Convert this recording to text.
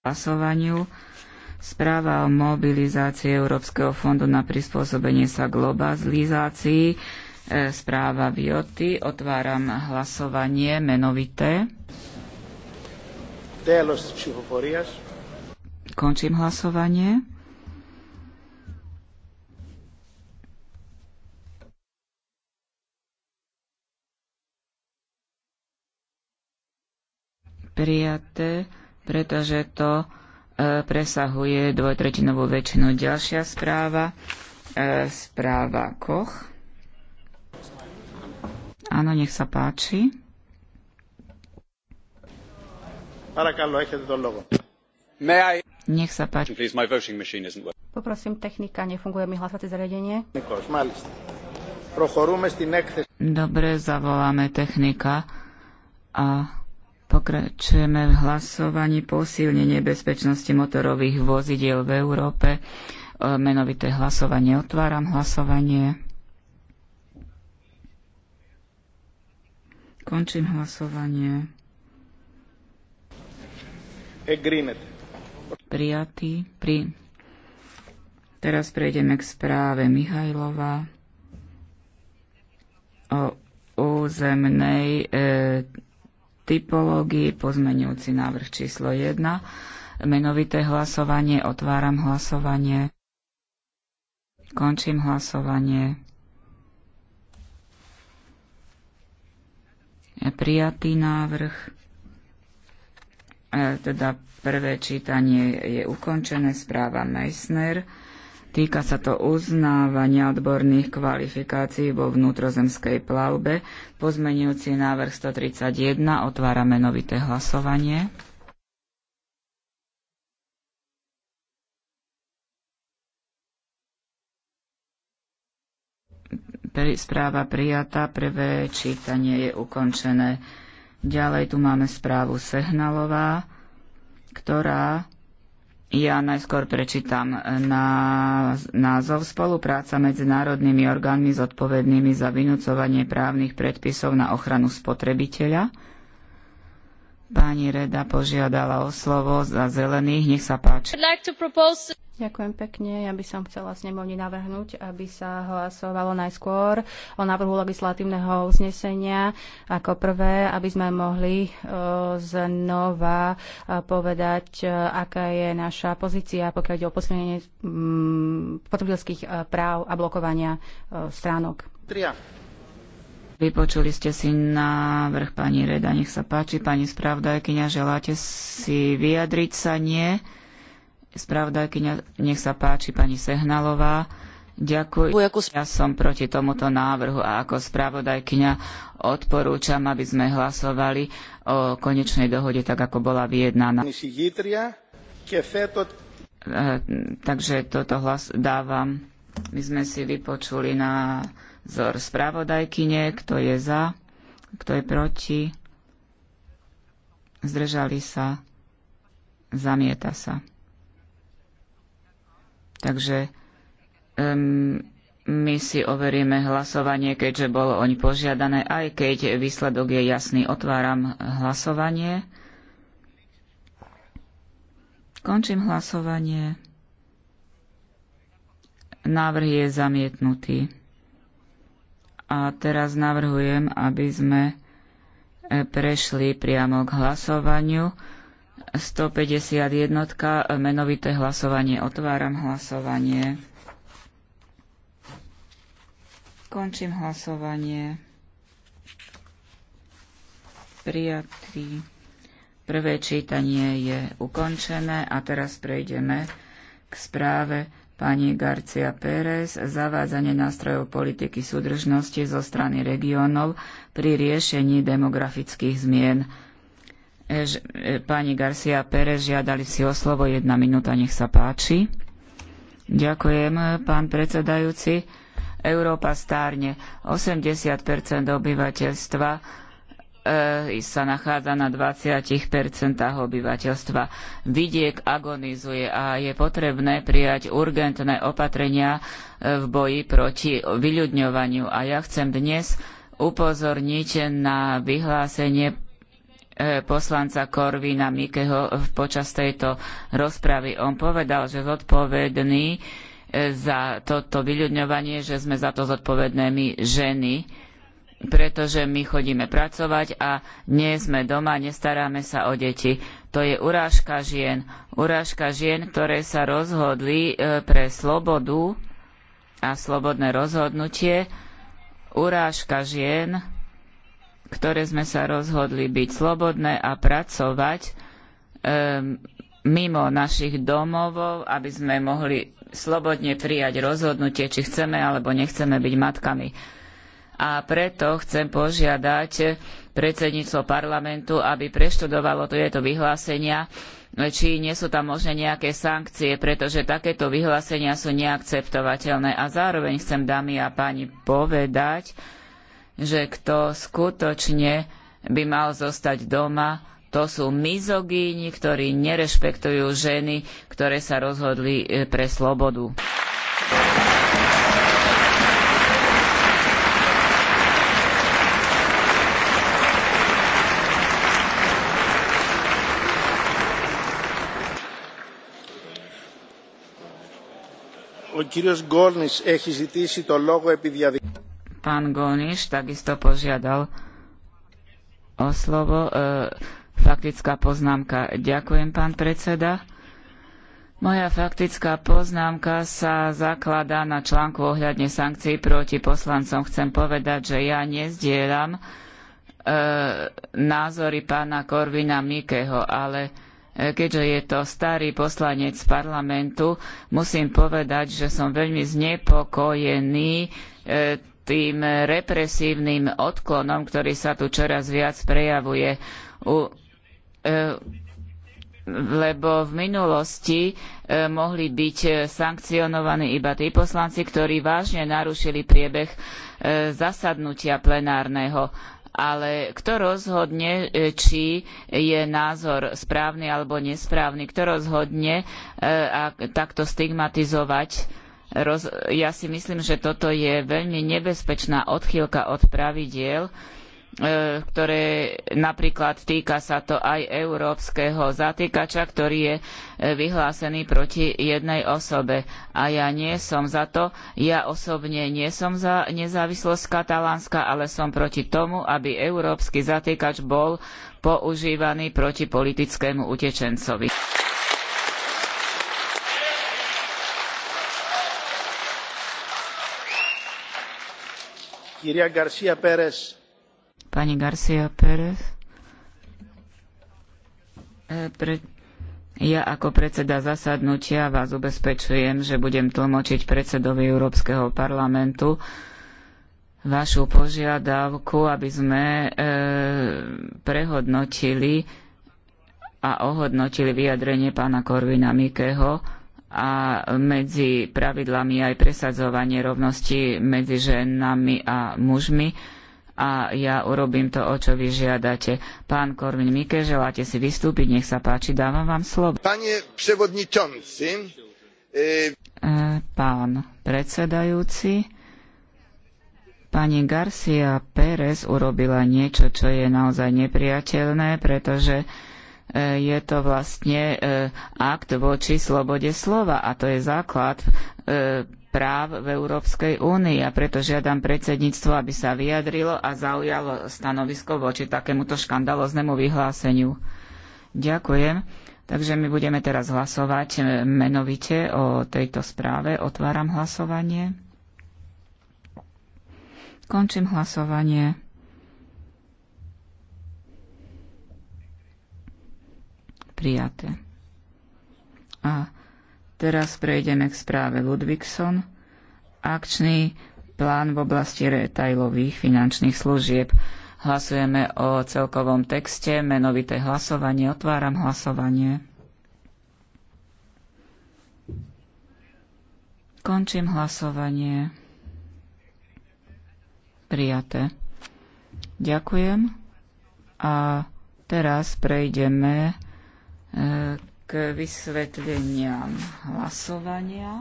hlasovaniu správa o mobilizácii Európskeho fondu na prispôsobenie sa globalizácii. E, správa Vioty. Otváram hlasovanie menovité. Končím hlasovanie. Prijaté pretože to e, presahuje dvojtretinovú väčšinu. Ďalšia správa, e, správa Koch. Áno, nech sa páči. Nech sa páči. Poprosím, technika nefunguje mi hlasovacie zariadenie. Dobre, zavoláme technika a Pokračujeme v hlasovaní posilnenie bezpečnosti motorových vozidiel v Európe. E, menovité hlasovanie. Otváram hlasovanie. Končím hlasovanie. Agreement. Prijatý. Pri... Teraz prejdeme k správe Mihajlova o územnej e, typológii, pozmenujúci návrh číslo 1, menovité hlasovanie, otváram hlasovanie, končím hlasovanie. Prijatý návrh, e, teda prvé čítanie je ukončené, správa Meissner. Týka sa to uznávania odborných kvalifikácií vo vnútrozemskej plavbe. Pozmenujúci návrh 131. Otvárame novité hlasovanie. Správa prijatá, prvé čítanie je ukončené. Ďalej tu máme správu Sehnalová, ktorá ja najskôr prečítam názov Spolupráca medzi národnými orgánmi zodpovednými za vynúcovanie právnych predpisov na ochranu spotrebiteľa. Pani Reda požiadala o slovo za zelených. Nech sa páči. Ďakujem pekne. Ja by som chcela snemovni navrhnúť, aby sa hlasovalo najskôr o návrhu legislatívneho uznesenia ako prvé, aby sme mohli e, znova e, povedať, e, aká je naša pozícia, pokiaľ ide o posilnenie spotrebiteľských práv a blokovania stránok. 3. Vypočuli ste si návrh pani Reda, nech sa páči. Pani spravdajkyňa, želáte si vyjadriť sa? Nie. Spravdajkyňa, nech sa páči, pani Sehnalová. Ďakujem. Ja som proti tomuto návrhu a ako spravodajkyňa odporúčam, aby sme hlasovali o konečnej dohode, tak ako bola vyjednaná. Eh, takže toto hlas dávam. My sme si vypočuli na vzor spravodajkyne, kto je za, kto je proti, zdržali sa, zamieta sa. Takže um, my si overíme hlasovanie, keďže bolo oň požiadané, aj keď výsledok je jasný. Otváram hlasovanie. Končím hlasovanie. Návrh je zamietnutý. A teraz navrhujem, aby sme e, prešli priamo k hlasovaniu. 151. menovité hlasovanie. Otváram hlasovanie. Končím hlasovanie. Prijatý. Prvé čítanie je ukončené a teraz prejdeme k správe pani Garcia Pérez zavádzanie nástrojov politiky súdržnosti zo strany regiónov pri riešení demografických zmien. E, pani Garcia Pérez žiadali si o slovo jedna minúta, nech sa páči. Ďakujem, pán predsedajúci. Európa stárne. 80 obyvateľstva Eh, sa nachádza na 20 obyvateľstva. Vidiek agonizuje a je potrebné prijať urgentné opatrenia eh, v boji proti vyľudňovaniu. A ja chcem dnes upozorniť na vyhlásenie eh, poslanca Korvina Mikeho počas tejto rozpravy. On povedal, že zodpovedný za toto vyľudňovanie, že sme za to zodpovedné my ženy pretože my chodíme pracovať a nie sme doma, nestaráme sa o deti. To je urážka žien. Urážka žien, ktoré sa rozhodli e, pre slobodu a slobodné rozhodnutie. Urážka žien, ktoré sme sa rozhodli byť slobodné a pracovať um, mimo našich domovov, aby sme mohli slobodne prijať rozhodnutie, či chceme alebo nechceme byť matkami a preto chcem požiadať predsedníctvo parlamentu, aby preštudovalo tieto vyhlásenia, či nie sú tam možné nejaké sankcie, pretože takéto vyhlásenia sú neakceptovateľné. A zároveň chcem, dámy a páni, povedať, že kto skutočne by mal zostať doma, to sú mizogíni, ktorí nerešpektujú ženy, ktoré sa rozhodli e, pre slobodu. Pán Gorniš takisto požiadal o slovo. E, faktická poznámka. Ďakujem, pán predseda. Moja faktická poznámka sa zakladá na článku ohľadne sankcií proti poslancom. Chcem povedať, že ja nezdielam e, názory pána Korvina Mikeho, ale keďže je to starý poslanec parlamentu, musím povedať, že som veľmi znepokojený e, tým represívnym odklonom, ktorý sa tu čoraz viac prejavuje. U, e, lebo v minulosti e, mohli byť sankcionovaní iba tí poslanci, ktorí vážne narušili priebeh zasadnutia plenárneho ale kto rozhodne, e, či je názor správny alebo nesprávny, kto rozhodne e, a takto stigmatizovať. ja si myslím, že toto je veľmi nebezpečná odchýlka od pravidiel, E, ktoré napríklad týka sa to aj európskeho zatýkača, ktorý je e, vyhlásený proti jednej osobe. A ja nie som za to, ja osobne nie som za nezávislosť katalánska, ale som proti tomu, aby európsky zatýkač bol používaný proti politickému utečencovi. Kyria Garcia Pérez pani Garcia Pérez. E, pre... Ja ako predseda zasadnutia vás ubezpečujem, že budem tlmočiť predsedovi Európskeho parlamentu vašu požiadavku, aby sme e, prehodnotili a ohodnotili vyjadrenie pána Korvina Mikého a medzi pravidlami aj presadzovanie rovnosti medzi ženami a mužmi a ja urobím to, o čo vy žiadate. Pán Korvin Mike, želáte si vystúpiť, nech sa páči, dávam vám slovo. Pane prevodničonci, e... Pán predsedajúci, pani Garcia Pérez urobila niečo, čo je naozaj nepriateľné, pretože je to vlastne e, akt voči slobode slova a to je základ e, práv v Európskej únii a preto žiadam predsedníctvo, aby sa vyjadrilo a zaujalo stanovisko voči takémuto škandaloznému vyhláseniu. Ďakujem. Takže my budeme teraz hlasovať e, menovite o tejto správe. Otváram hlasovanie. Končím hlasovanie. prijaté. A teraz prejdeme k správe Ludvigson. Akčný plán v oblasti retailových finančných služieb. Hlasujeme o celkovom texte, menovité hlasovanie. Otváram hlasovanie. Končím hlasovanie. Prijaté. Ďakujem. A teraz prejdeme k vysvetleniam hlasovania.